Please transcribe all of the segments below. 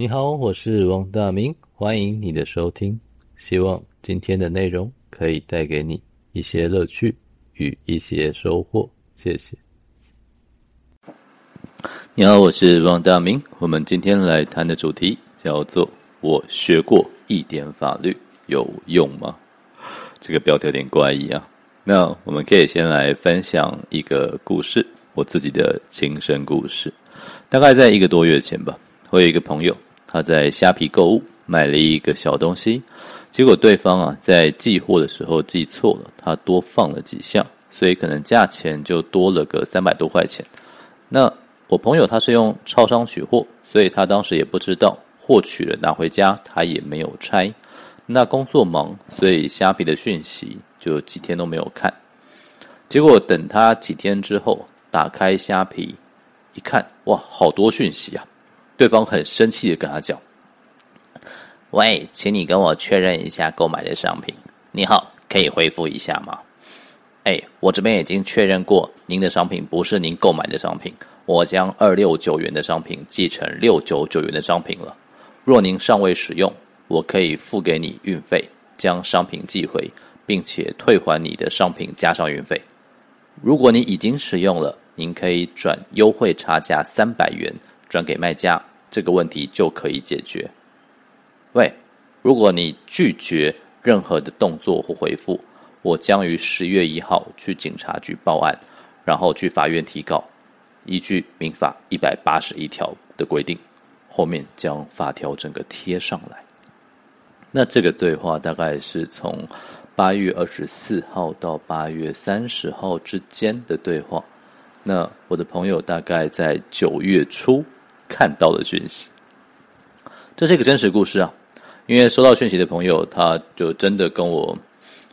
你好，我是王大明，歡迎你的收聽。希望今天的內容可以帶給你一些樂趣與一些收穫，謝謝。你好，我是王大明，我們今天來談的主題叫做“我學過一點法律，有用嗎？”這個標題有點怪異啊。那我們可以先來分享一個故事，我自己的親身故事。大概在一個多月前吧，我有一個朋友。他在蝦皮購物，買了一個小東西，結果對方啊在寄貨的時候寄錯了，他多放了幾項，所以可能價錢就多了個三百多塊錢。那我朋友他是用超商取貨，所以他當時也不知道，貨取了拿回家，他也沒有拆。那工作忙，所以蝦皮的訊息就幾天都沒有看。結果等他幾天之後打開蝦皮一看，哇，好多訊息啊！對方很生氣的跟他講：“喂，請你跟我確認一下購買的商品。你好，可以回復一下嗎？誒、哎，我這邊已經確認過，您的商品不是您購買的商品。我將二六九元的商品寄成六九九元的商品了。若您尚未使用，我可以付給你運費，將商品寄回，並且退還你的商品加上運費。如果您已經使用了，您可以轉優惠差價三百元轉給賣家。”這個問題就可以解決。喂，如果你拒絕任何的動作或回復，我將於十月一號去警察局報案，然後去法院提告。依據民法一百八十一條的規定，後面將法條整個貼上來。那這個對話大概是從八月二十四號到八月三十號之間的對話。那我的朋友大概在九月初看到的訊息，這是一個真實故事啊！因為收到訊息的朋友，他就真的跟我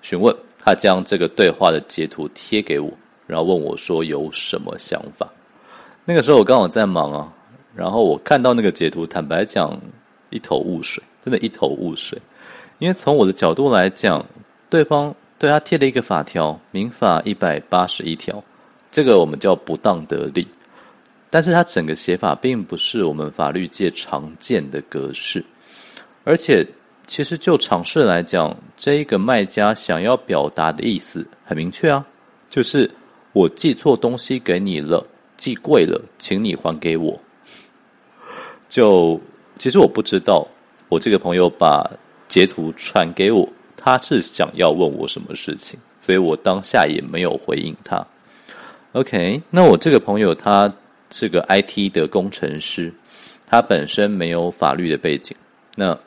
詢問，他將這個對話的截圖貼給我，然後問我說有什麼想法。那個時候我剛好在忙啊，然後我看到那個截圖，坦白講，一頭霧水，真的一頭霧水。因為從我的角度來講，對方對他貼了一個法條，民法一百八十一條，這個我們叫不當得利。但是它整個寫法並不是我們法律界常見的格式，而且其實就常識來講，這一個賣家想要表達的意思很明確啊，就是我寄錯東西給你了，寄貴了，請你還給我。就其實我不知道，我這個朋友把截圖傳給我，他是想要問我什麼事情，所以我當下也沒有回應他。OK，那我這個朋友他。是個 IT 的工程師，他本身沒有法律的背景。那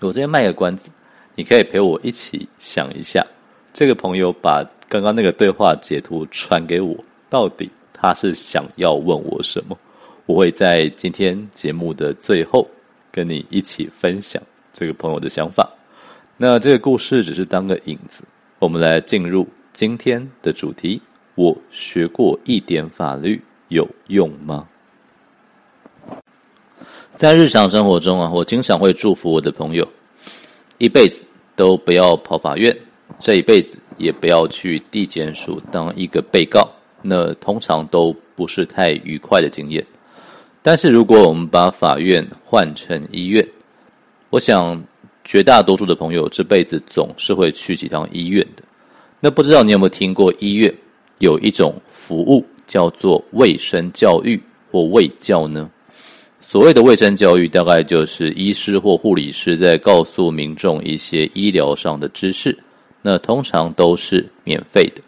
我這邊賣個關子，你可以陪我一起想一下，這個朋友把剛剛那個對話截圖傳給我，到底他是想要問我什麼？我會在今天節目的最後跟你一起分享這個朋友的想法。那這個故事只是當個引子，我們來進入今天的主題。我學過一點法律。有用嗎？在日常生活中啊，我經常會祝福我的朋友，一輩子都不要跑法院，這一輩子也不要去地檢署當一個被告。那通常都不是太愉快的經驗。但是如果我們把法院換成醫院，我想絕大多數的朋友這輩子總是會去幾趟醫院的。那不知道你有沒有聽過醫院有一種服務？叫做衛生教育或衛教呢？所謂的衛生教育，大概就是醫師或護理師在告訴民眾一些醫療上的知識。那通常都是免費的。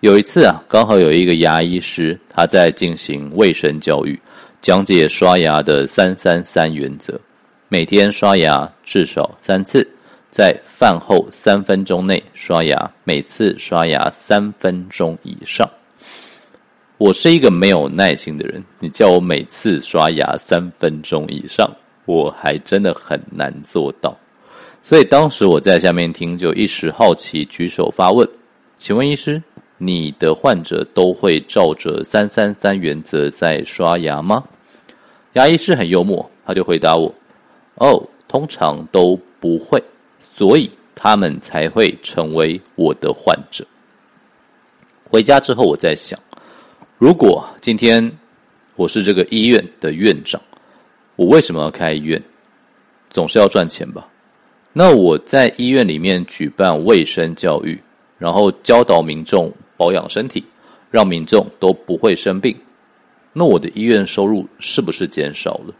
有一次啊，剛好有一個牙醫師，他在進行衛生教育，講解刷牙的三三三原則：每天刷牙至少三次，在飯後三分鐘內刷牙，每次刷牙三分鐘以上。我是一個沒有耐心的人，你叫我每次刷牙三分鐘以上，我還真的很難做到。所以當時我在下面聽，就一時好奇舉手發問：“請問醫師，你的患者都會照着三三三原則在刷牙嗎？”牙醫師很幽默，他就回答我：“哦，通常都不會，所以他們才會成為我的患者。”回家之後，我在想。如果今天我是這個醫院的院長，我為什麼要開醫院？總是要賺錢吧。那我在醫院裡面舉辦衛生教育，然後教導民眾保養身體，讓民眾都不會生病。那我的醫院收入是不是減少了？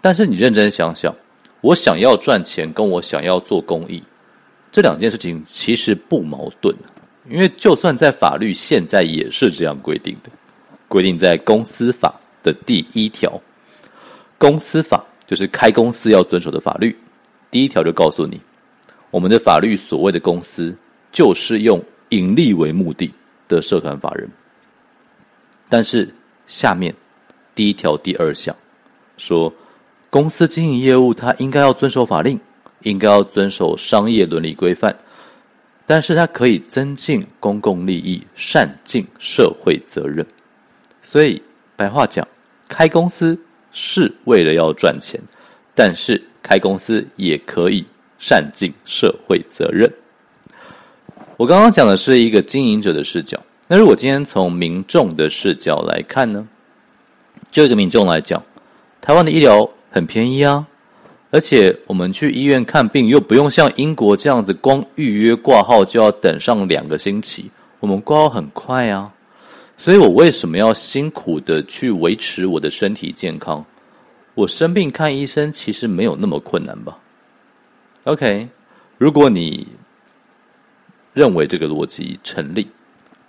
但是你認真想想，我想要賺錢，跟我想要做公益這兩件事情其實不矛盾啊。因為，就算在法律現在也是這樣規定的，規定在公司法的第一條，公司法就是開公司要遵守的法律。第一條就告訴你，我們的法律所謂的公司，就是用盈利為目的的社團法人。但是下面第一條第二項說，公司經營業務，它應該要遵守法令，應該要遵守商業倫理規範。但是它可以增進公共利益，善盡社會責任。所以白話講，開公司是為了要賺錢，但是開公司也可以善盡社會責任。我剛剛講的是一個經營者的視角，那如果今天從民眾的視角來看呢？就一個民眾來講，台灣的醫療很便宜啊。而且我們去醫院看病又不用像英國這樣子，光預約掛號就要等上兩個星期。我們掛號很快啊，所以我為什麼要辛苦的去維持我的身體健康？我生病看醫生其實沒有那麼困難吧？OK，如果你認為這個邏輯成立，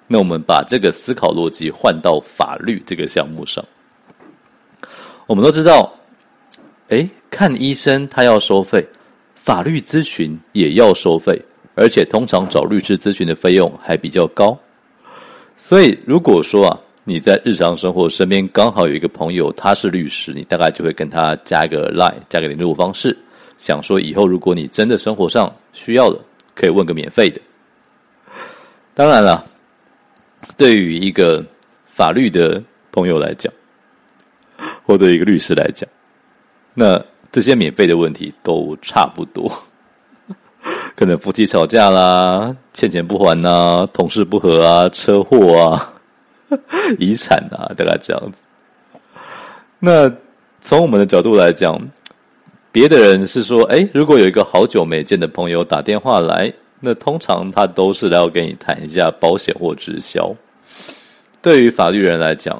那我們把這個思考邏輯換到法律這個項目上。我們都知道，誒？看醫生他要收費，法律諮詢也要收費，而且通常找律師諮詢的費用還比較高。所以如果說啊，你在日常生活身邊剛好有一個朋友他是律師，你大概就會跟他加一個 line，加個聯絡方式，想說以後如果你真的生活上需要的，可以問個免費的。當然了，對於一個法律的朋友來講，或對一個律師來講，那，這些免費的問題都差不多， 可能夫妻吵架啦，欠錢不還啦、啊、同事不和啊，車禍啊，遺產啊，大概這樣子。那從我們的角度來講，別的人是說，哎，如果有一個好久沒見的朋友打電話來，那通常他都是來跟你談一下保險或直銷。對於法律人來講，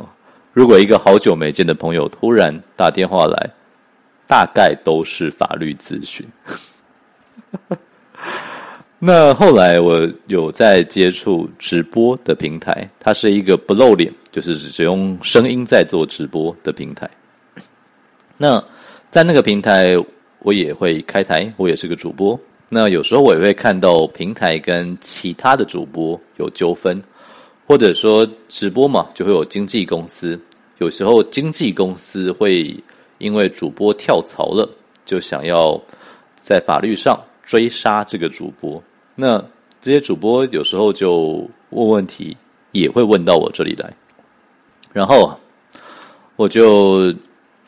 如果一個好久沒見的朋友突然打電話來，大概都是法律諮詢。 那後來我有在接觸直播的平台，它是一個不露臉，就是只用聲音在做直播的平台。那在那個平台，我也會開台，我也是個主播。那有時候我也會看到平台跟其他的主播有糾紛，或者說直播嘛，就會有經紀公司。有時候經紀公司會。因為主播跳槽了，就想要在法律上追殺這個主播。那這些主播有時候就問問題，也會問到我這裡來，然後我就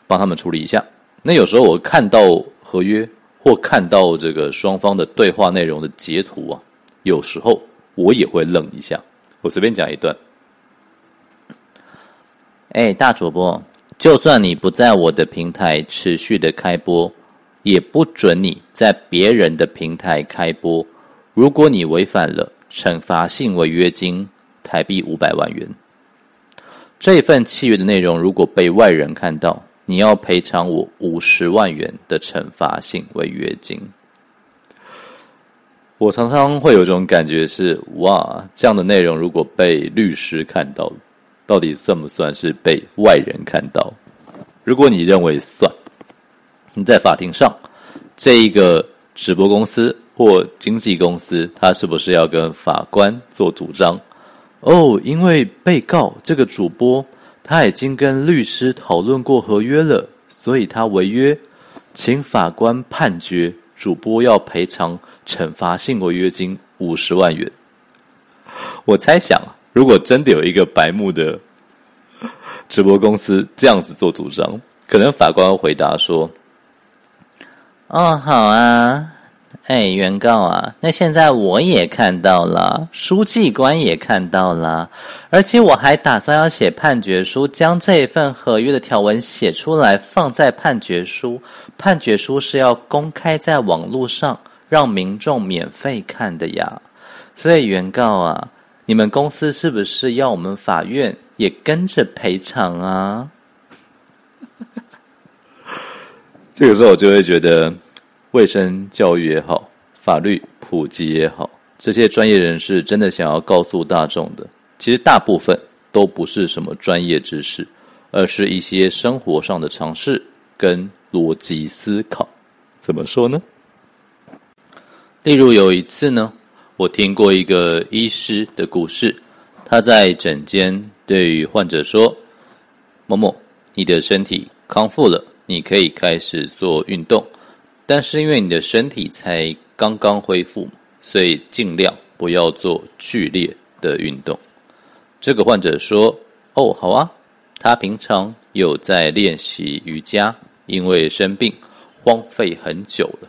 幫他們處理一下。那有時候我看到合約或看到這個雙方的對話內容的截圖啊，有時候我也會愣一下。我隨便講一段，哎，大主播。就算你不在我的平台持續的開播，也不准你在別人的平台開播。如果你違反了，懲罰性違約金台幣五百萬元。這份契約的內容，如果被外人看到，你要賠償我五十萬元的懲罰性違約金。我常常會有種感覺是：哇，這樣的內容如果被律師看到了。到底算不算是被外人看到？如果你認為算，你在法庭上，這一個直播公司或經紀公司，他是不是要跟法官做主張？哦，因為被告這個主播他已經跟律師討論過合約了，所以他違約，請法官判決主播要賠償懲罰性違約金五十萬元。我猜想啊。如果真的有一個白目的直播公司這樣子做主張，可能法官會回答說：“哦，好啊，哎，原告啊，那現在我也看到了，書記官也看到了，而且我還打算要寫判決書，將這份合約的條文寫出來，放在判決書。判決書是要公開在網絡上，讓民眾免費看的呀。所以，原告啊。”你們公司是不是要我們法院也跟着賠償啊？這個時候我就會覺得，衛生教育也好，法律普及也好，這些專業人士真的想要告訴大眾的，其實大部分都不是什麼專業知識，而是一些生活上的常識跟邏輯思考。怎麼說呢？例如有一次呢。我聽過一個醫師的故事，他在診間對患者說：“某某，你的身體康復了，你可以開始做運動，但是因為你的身體才剛剛恢復，所以盡量不要做劇烈的運動。”這個患者說：“哦，好啊，他平常有在練習瑜伽，因為生病荒廢很久了。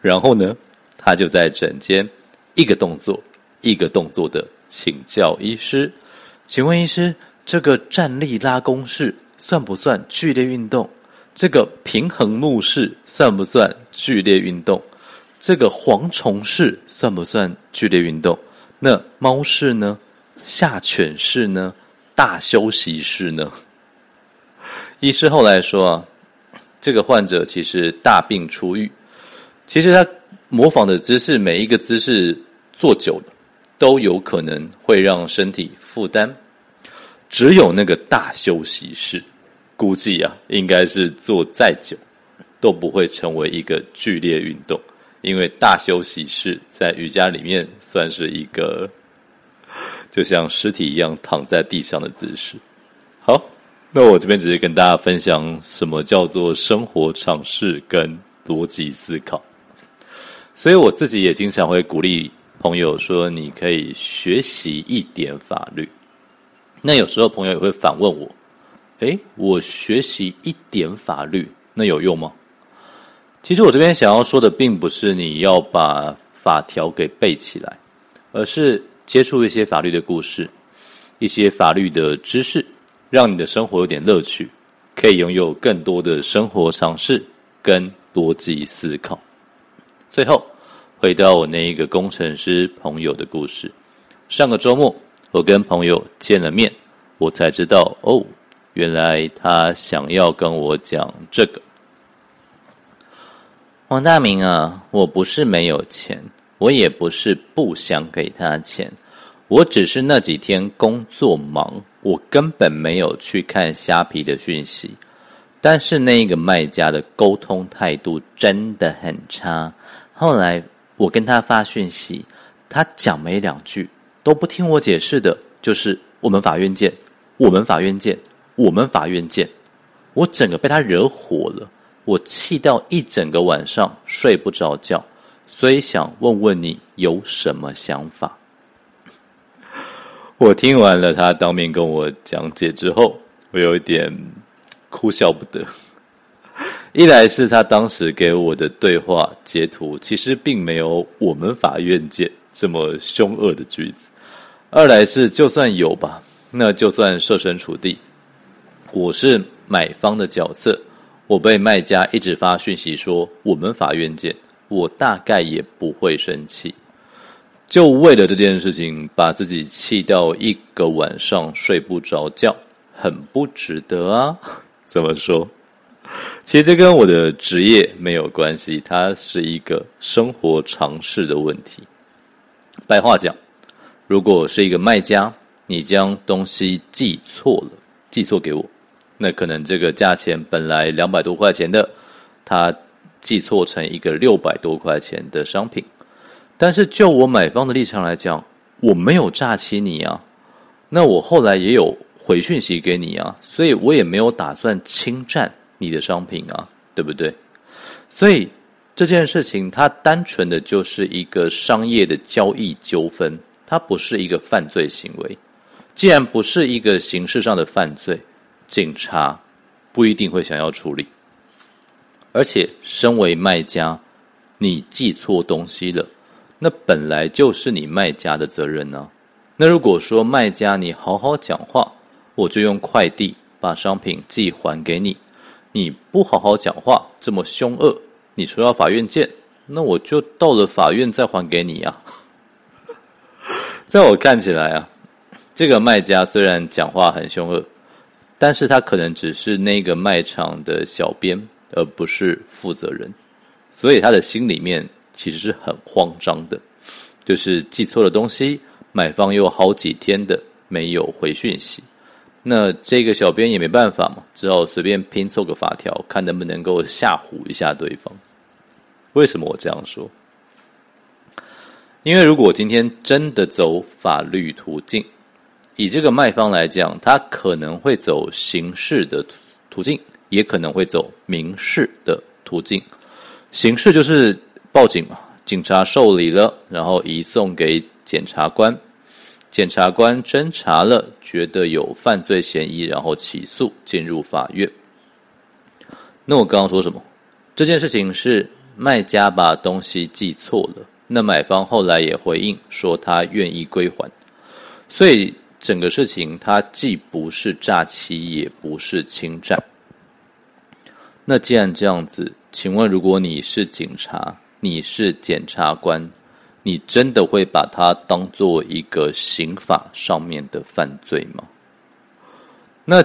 然後呢，他就在診間。”一個動作，一個動作的請教醫師，請問醫師，這個站立拉弓式算不算劇烈運動？這個平衡木式算不算劇烈運動？這個蝗蟲式算不算劇烈運動？那貓式呢？下犬式呢？大休息式呢？醫師後來說啊，這個患者其實大病初癒，其實他模仿的姿勢，每一個姿勢。坐久了都有可能會讓身體負擔。只有那個大休息式，估計啊，應該是坐再久都不會成為一個劇烈運動，因為大休息式在瑜伽裡面算是一個就像屍體一樣躺在地上的姿勢。好，那我這邊只是跟大家分享什麼叫做生活常識跟邏輯思考，所以我自己也經常會鼓勵。朋友說：“你可以學習一點法律。”那有時候朋友也會反問我：“誒，我學習一點法律，那有用嗎？”其實我這邊想要說的，並不是你要把法條給背起來，而是接觸一些法律的故事、一些法律的知識，讓你的生活有點樂趣，可以擁有更多的生活常識跟邏輯思考。最後。回到我那一個工程師朋友的故事。上個周末，我跟朋友見了面，我才知道哦，原來他想要跟我講這個。王大明啊，我不是沒有錢，我也不是不想給他錢，我只是那幾天工作忙，我根本沒有去看蝦皮的訊息。但是那個賣家的溝通態度真的很差，後來。我跟他發訊息，他講沒兩句都不聽我解釋的，就是我們法院見，我們法院見，我們法院見，我整個被他惹火了，我氣到一整個晚上睡不着覺，所以想問問你有什麼想法？我聽完了他當面跟我講解之後，我有一點哭笑不得。一來是他當時給我的對話截圖，其實並沒有我們法院見這麼凶惡的句子；二來是就算有吧，那就算設身處地，我是買方的角色，我被賣家一直發訊息說我們法院見，我大概也不會生氣。就為了這件事情，把自己氣到一個晚上睡不着覺，很不值得啊！怎麼說？其實這跟我的職業沒有關係，它是一個生活常識的問題。白話講，如果是一個賣家，你將東西寄錯了，寄錯給我，那可能這個價錢本來兩百多塊錢的，他寄錯成一個六百多塊錢的商品。但是就我買方的立場來講，我沒有詐欺你啊，那我後來也有回訊息給你啊，所以我也沒有打算侵佔。你的商品啊，對不對？所以這件事情，它單純的就是一個商業的交易糾紛，它不是一個犯罪行為。既然不是一個刑事上的犯罪，警察不一定會想要處理。而且，身為賣家，你寄錯東西了，那本來就是你賣家的責任呢、啊。那如果說賣家你好好講話，我就用快遞把商品寄還給你。你不好好講話，這麼兇惡！你說要法院見，那我就到了法院再還給你呀、啊。 在我看起來啊，這個賣家雖然講話很兇惡，但是他可能只是那個賣場的小編，而不是負責人，所以他的心裡面其實是很慌張的，就是寄錯了東西，買方又好幾天的沒有回訊息。那這個小編也沒辦法嘛，只好隨便拼湊個法條，看能不能夠嚇唬一下對方。為什麼我這樣說？因為如果我今天真的走法律途徑，以這個賣方來講，他可能會走刑事的途徑，也可能會走民事的途徑。刑事就是報警嘛，警察受理了，然後移送給檢察官。檢察官偵查了，覺得有犯罪嫌疑，然後起訴進入法院。那我剛剛說什麼？這件事情是賣家把東西寄錯了，那買方後來也回應說他願意歸還，所以整個事情他既不是詐欺，也不是侵占。那既然這樣子，請問如果你是警察，你是檢察官，你真的會把它當做一個刑法上面的犯罪嗎？那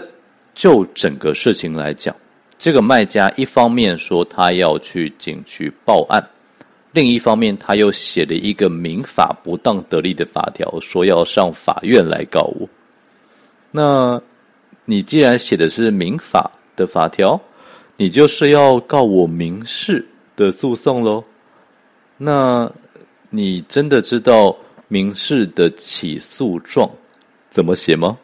就整個事情來講，這個賣家一方面說他要去警局報案，另一方面他又寫了一個民法不當得利的法條，說要上法院來告我。那你既然寫的是民法的法條，你就是要告我民事的訴訟嘍。那。你真的知道民事的起訴狀怎麼寫嗎？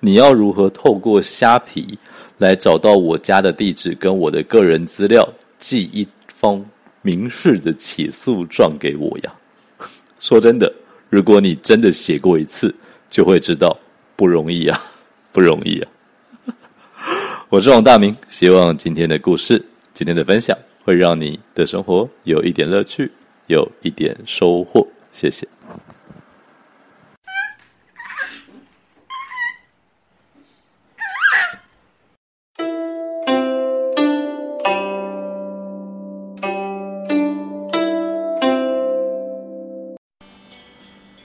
你要如何透過蝦皮來找到我家的地址跟我的個人資料，寄一封民事的起訴狀給我呀？ 說真的，如果你真的寫過一次，就會知道不容易啊，不容易啊！ 我是王大明，希望今天的故事，今天的分享，會讓你的生活有一點樂趣。有一點收穫，謝謝。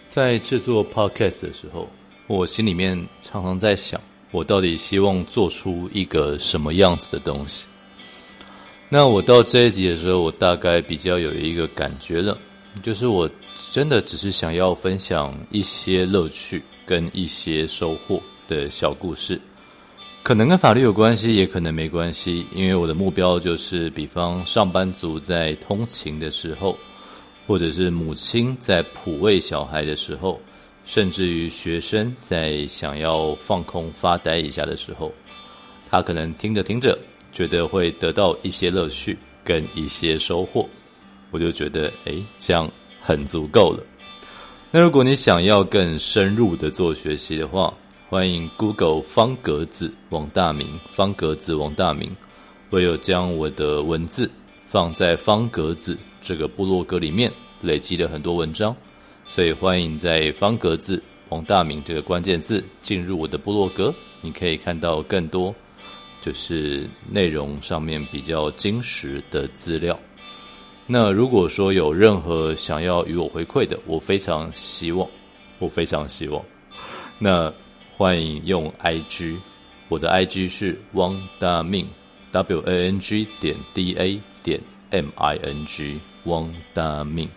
在製作 Podcast 的時候，我心裡面常常在想，我到底希望做出一個什麼樣子的東西。那我到這一集的時候，我大概比較有一個感覺了，就是我真的只是想要分享一些樂趣跟一些收穫的小故事，可能跟法律有關係，也可能沒關係，因為我的目標就是，比方上班族在通勤的時候，或者是母親在哺餵小孩的時候，甚至於學生在想要放空發呆一下的時候，他可能聽着聽着。覺得會得到一些樂趣跟一些收穫，我就覺得誒，這樣很足夠了。那如果你想要更深入的做學習的話，歡迎 Google 方格子王大明，方格子王大明。我有將我的文字放在方格子這個部落格裡面，累積了很多文章，所以歡迎在方格子王大明這個關鍵字進入我的部落格，你可以看到更多。就是內容上面比較精實的資料。那如果說有任何想要與我回饋的，我非常希望，我非常希望。那歡迎用 I G，我的 I G 是汪大明，W A N G 點 D A 點 M I N G，汪大明。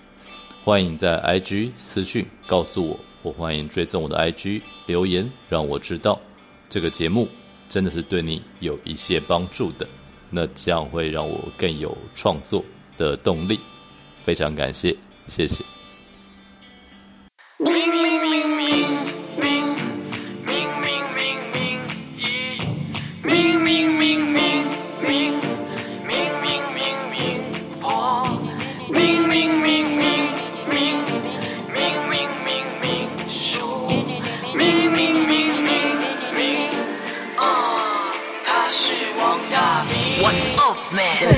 歡迎在 I G 私訊告訴我，或歡迎追蹤我的 I G 留言，讓我知道這個節目，真的是對你有一些幫助的，那這樣會讓我更有創作的動力。非常感謝，謝謝。